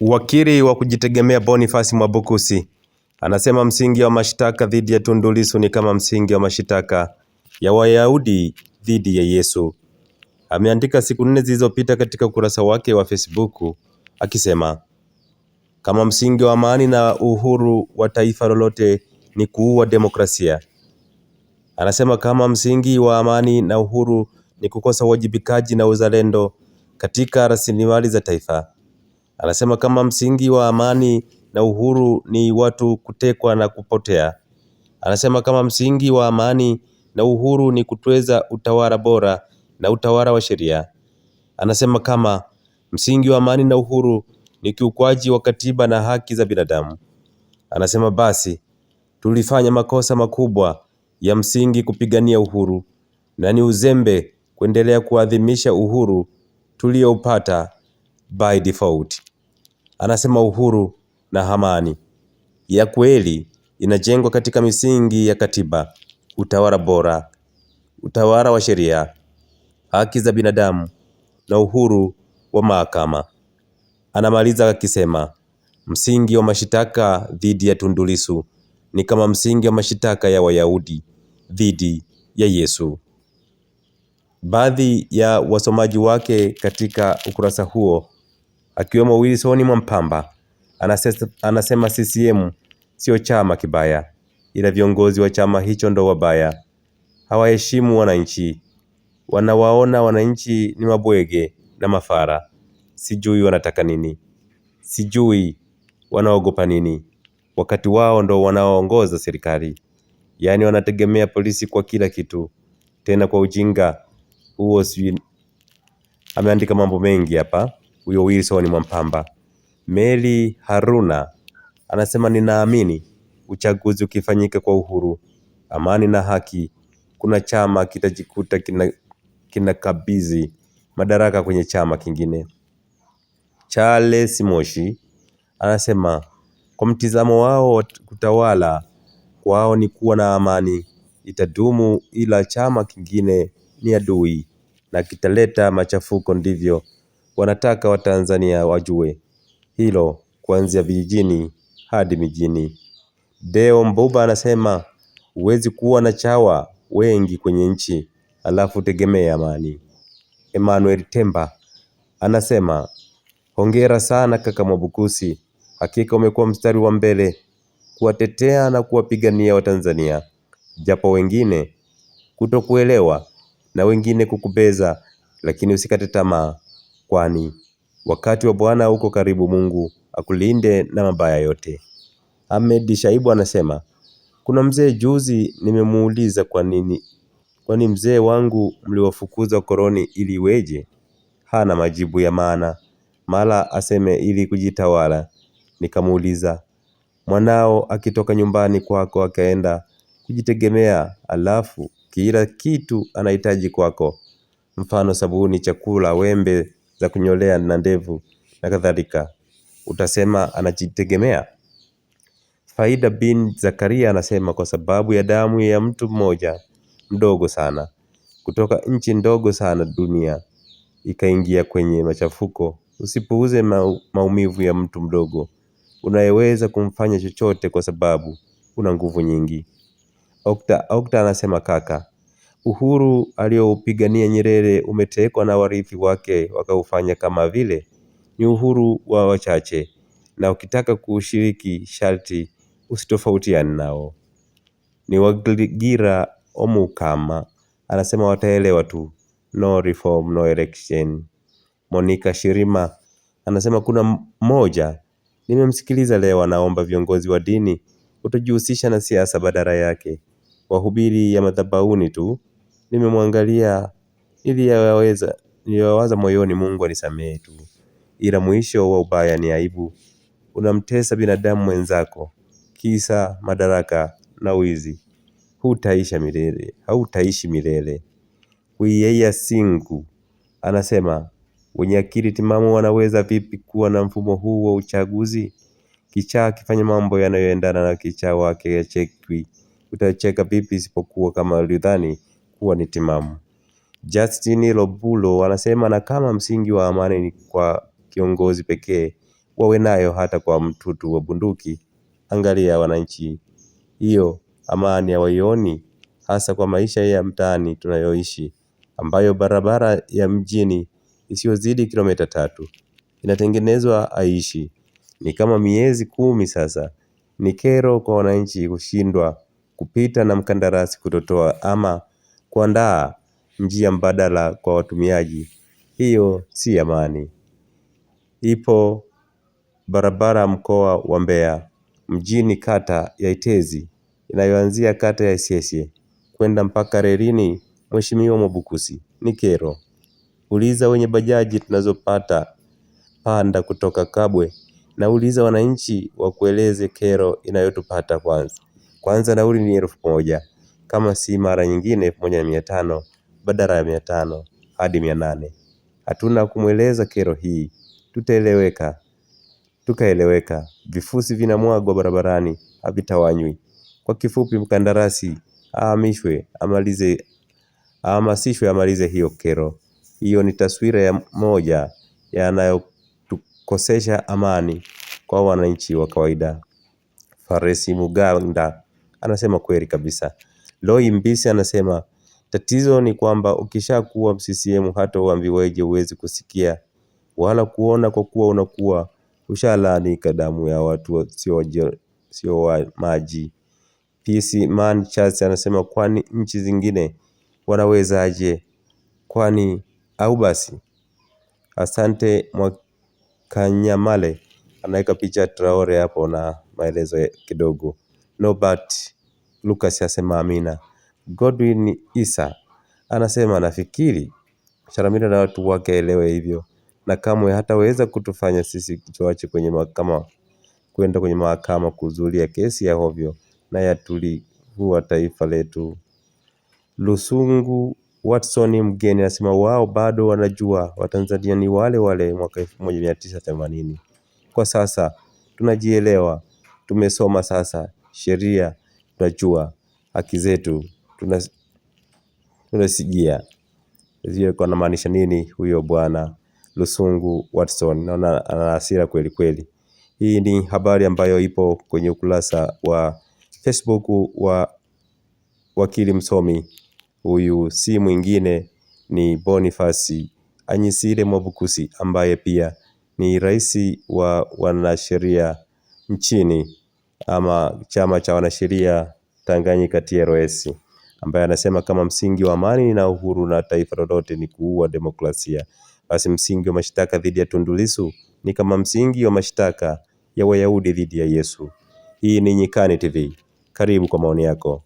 Wakili wa kujitegemea Boniface Mwabukusi anasema msingi wa mashtaka dhidi ya Tundu Lissu ni kama msingi wa mashtaka ya Wayahudi dhidi ya Yesu. Ameandika siku nne zilizopita katika ukurasa wake wa Facebook akisema kama msingi wa amani na uhuru wa taifa lolote ni kuua demokrasia. Anasema kama msingi wa amani na uhuru ni kukosa uwajibikaji na uzalendo katika rasilimali za taifa. Anasema kama msingi wa amani na uhuru ni watu kutekwa na kupotea. Anasema kama msingi wa amani na uhuru ni kutweza utawala bora na utawala wa sheria. Anasema kama msingi wa amani na uhuru ni kiukwaji wa katiba na haki za binadamu. Anasema basi tulifanya makosa makubwa ya msingi kupigania uhuru, na ni uzembe kuendelea kuadhimisha uhuru tulioupata by default anasema uhuru na amani ya kweli inajengwa katika misingi ya katiba, utawala bora, utawala wa sheria, haki za binadamu na uhuru wa mahakama. Anamaliza akisema msingi wa mashitaka dhidi ya Tundu Lissu ni kama msingi wa mashitaka ya Wayahudi dhidi ya Yesu. Baadhi ya wasomaji wake katika ukurasa huo akiwemo Wilson Mwampamba anasema, anasema CCM sio chama kibaya, ila viongozi wa chama hicho ndo wabaya, hawaheshimu wananchi, wanawaona wananchi ni mabwege na mafara. Sijui wanataka nini, sijui wanaogopa nini, wakati wao ndo wanaoongoza serikali. Yaani wanategemea polisi kwa kila kitu, tena kwa ujinga huo. Sijui ameandika mambo mengi hapa huyo Wilson Mwampamba. Mary Haruna anasema ninaamini uchaguzi ukifanyika kwa uhuru, amani na haki, kuna chama kitajikuta kinakabidhi kina madaraka kwenye chama kingine. Charles Moshi anasema kwa mtizamo wao, kutawala kwao ni kuwa na amani itadumu, ila chama kingine ni adui na kitaleta machafuko, ndivyo wanataka Watanzania wajue hilo kuanzia vijijini hadi mijini. Deo Mbuba anasema huwezi kuwa na chawa wengi kwenye nchi alafu tegemea amani. Emmanuel Temba anasema hongera sana kaka Mwabukusi, hakika umekuwa mstari wa mbele kuwatetea na kuwapigania Watanzania, japo wengine kutokuelewa na wengine kukubeza, lakini usikate tamaa kwani wakati wa Bwana uko karibu. Mungu akulinde na mabaya yote. Ahmed Shaibu anasema kuna mzee juzi nimemuuliza kwa nini kwani mzee wangu mliwafukuza koroni ili weje Hana majibu ya maana, mara aseme ili kujitawala. Nikamuuliza, mwanao akitoka nyumbani kwako akaenda kujitegemea, alafu kila kitu anahitaji kwako, mfano sabuni, chakula, wembe, za kunyolea na ndevu na kadhalika. Utasema anajitegemea? Faida bin Zakaria anasema kwa sababu ya damu ya mtu mmoja mdogo sana kutoka nchi ndogo sana dunia ikaingia kwenye machafuko. Usipuuze maumivu ya mtu mdogo unayeweza kumfanya chochote kwa sababu una nguvu nyingi. Okta, Okta anasema kaka, Uhuru aliyoupigania Nyerere umetekwa na warithi wake wakaufanya kama vile ni uhuru wa wachache, na ukitaka kuushiriki sharti usitofautiane nao. Ni Wagira Omukama anasema wataelewa tu, no reform no election. Monica Shirima anasema kuna mmoja nimemsikiliza leo, anaomba viongozi wa dini kutojihusisha na siasa, badala yake wahubiri ya madhabauni tu nimemwangalia ili yaweza niliyowaza moyoni Mungu anisamehe tu, ila mwisho wa ubaya ni aibu. Unamtesa binadamu mwenzako, kisa madaraka na wizi, hutaisha milele, hautaishi milele. Huiyeye Singu anasema wenye akili timamu wanaweza vipi kuwa na mfumo huu wa uchaguzi? Kichaa akifanya mambo yanayoendana na kichaa wake achekwi, utacheka vipi isipokuwa kama ulidhani kuwa ni timamu. Justin Lobulo anasema na kama msingi wa amani ni kwa kiongozi pekee, wawe nayo hata kwa mtutu wa bunduki. Angalia wananchi, hiyo amani hawaioni, hasa kwa maisha ya mtaani tunayoishi, ambayo barabara ya mjini isiyozidi kilomita tatu inatengenezwa aishi ni kama miezi kumi sasa. Ni kero kwa wananchi kushindwa kupita na mkandarasi kutotoa ama kuandaa njia mbadala kwa watumiaji. Hiyo si amani. Ipo barabara mkoa wa mbea. Mjini kata ya itezi. Inayoanzia kata ya isiesye. Kwenda mpaka rerini mheshimiwa mwabukusi. Ni kero. Uliza wenye bajaji tunazopata panda kutoka kabwe. Na uliza wananchi wakueleze kero inayotupata kwanza. Kwanza nauli ni elfu moja kama si mara nyingine elfu moja na mia tano badala ya mia tano hadi mia nane. Hatuna kumweleza kero hii, tutaeleweka, tukaeleweka. Vifusi vinamwagwa barabarani, havitawanywi. Kwa kifupi, mkandarasi ahamishwe, amalize, ahamasishwe amalize hiyo kero. Hiyo ni taswira ya moja yanayotukosesha amani kwa wananchi wa kawaida. Faresi Muganda anasema kweli kabisa. Loi Mbisi anasema tatizo ni kwamba ukishakuwa CCM hata uambiweje huwezi kusikia wala kuona, kwa kuwa unakuwa ushalaanika damu ya watu sio wa maji. PC Man Charles anasema kwani nchi zingine wanawezaje? Kwani au basi. Asante Mwakanyamale anaweka picha Traore hapo na maelezo kidogo. Nobat Lucas asema amina. Godwin Isa anasema nafikiri Sharamira na watu wake aelewe hivyo na kamwe hataweza kutufanya sisi tuache kwenye mahakama kwenda kwenye mahakama kuzulia kesi ya hovyo na ya taifa letu. Lusungu Watson mgeni anasema wao bado wanajua Watanzania ni wale wale mwaka 1980. Kwa sasa tunajielewa, tumesoma sasa sheria tunachua haki zetu tunasijia. Sijui kwa anamaanisha nini huyo bwana Lusungu Watson. Naona ana hasira kweli kweli. Hii ni habari ambayo ipo kwenye ukurasa wa Facebook wa wakili msomi. Huyu si mwingine ni Boniface Anyisire Mwabukusi ambaye pia ni rais wa wanasheria nchini ama chama cha wanasheria Tanganyika TLS ambaye anasema kama msingi wa amani na uhuru na taifa lolote ni kuua demokrasia, basi msingi wa mashtaka dhidi ya Tundu Lissu ni kama msingi wa mashtaka ya Wayahudi dhidi ya Yesu. Hii ni Nyikani TV, karibu kwa maoni yako.